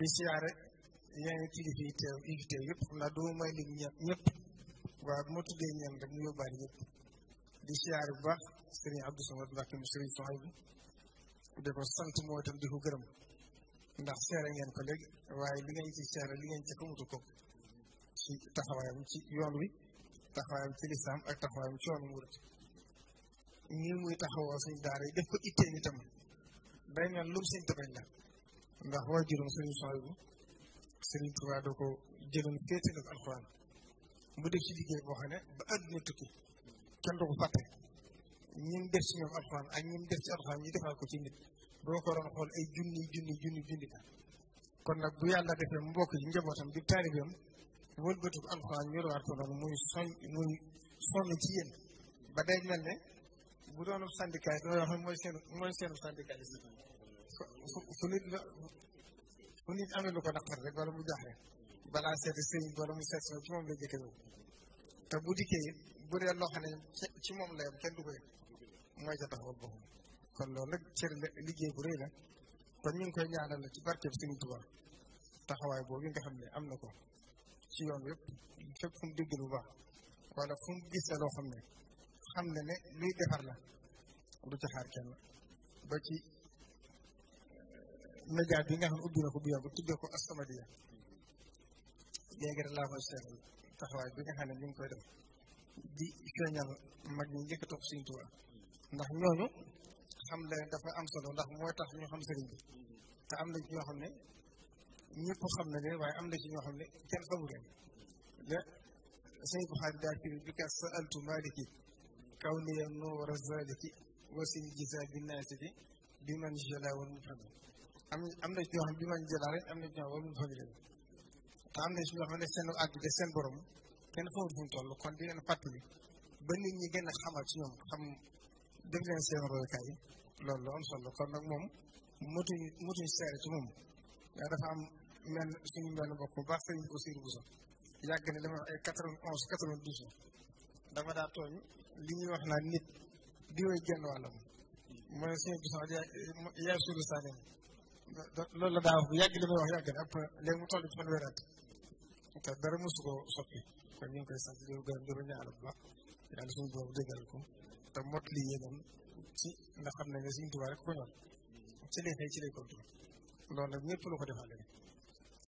di siyaare yeneen kilifa yi teew yi teew yëpp xam naa duma may lim ñëpp waaye bu ma tuddee ñeen rek mu yóbbaale ñëpp di siyaare bu baax sëriñ Abdou Samad Mbacke mu sëriñ Sohaybu di ko sant moo itam di ko gërëm ndax seere ngeen ko léegi waaye li ngeen ci seere li ngeen ci xamutu ko ci taxawaayam ci yoon wi taxawaayam ci lislaam ak taxawaayam ci muy taxawoo suñ daara yi def ko ittee nitam day mel lum suñ tabañ la ndax waajuram sëriñ Sohaybu sëriñ Tuubaa da ko jëloon féete nag alxuraan mu def ci liggéey boo xam ne ba àdduna tukki kenn du ko fàtte ñi mu def ci ñoom alxuraan ak ñi mu def ci alxuraan ñu defal ko ci nit boo ko doon xool kon nag bu yàlla defee mu bokk ci njabootam di taalibeem wëlbatiku alxuraan ñorowaat ko noonu muy soñ muy sonn ci yéen ba day mel ne bu doonu syndicat yi doo fu fu nit la fu lu ko naqar rek wala mu jaaxle balaa seeti sëñ wala mu seet ci moom la jëkke ñëw te bu dikkee bu dee loo ci moom la yam kenn du ko yëg mooy ca taxawal bo kon loolu nag cër liggéey bu rëy la kon ñu ngi koy ci barkeb Sëriñ ba taxawaay boobu nga xam ne am na ko ci yoon yëpp fépp fu mu dégg wala fu gis loo xam ne xam ne ne luy defar la du ci xaar kenn média bi nga xam ne ubbi na ko bu yàgg tuddee ko as laa koy seetlu bi nga xam ne ñu ngi koy def di feeñal mag ñi njëkk a topp Sëriñ Tuubaa ndax ñooñu xam leen dafa am ndax mooy tax ñu xam sëriñ bi te am nañ ci ñoo xam ne ñëpp xam ne leen waaye am na ci ñoo xam ne kenn xamu leen da sëñ Buxaari daa firi bi ka sa altu maliki kaw niya nuura zaliki wasil jisa bi naasiti bi man jala wal mufhami am am na ci ñoo xam bi ma jëlaat rek am na ci ñoo xam ne fa njëriñ te am na ci ñoo xam ne seen àgg seen borom kenn foofu fu mu kon di leen fàttali ba nit ñi a xamal ci ñoom xam def leen seen royukaay yi loolu lu am solo kon nag moom motuñ motuñ seere ci moom yaa dafa am mel suñu mel mbokk bu baax sëñ Basiir Buso yàgg ne dama ay quatre-vingt-onze quatre-vingt-douze dafa daa tooñ li wax naa nit di woy genn wàllam mooy sëñ Buso yaay suulu Saalim loolu la daa bu yàgg li wax yàgg na ak léegi mu toll ci fanweeri at te dara mosu ko soppi kon ñu koy sant di ko gërëm di ko ñaanal bu baax yàlla suñu boobu déggal ko te mot lii yéenam ci ndax xam nañ ne suñu tubaab rek ko ñor ci lay xëy ci lay kontu loolu nag ñëpp lu ko defal léegi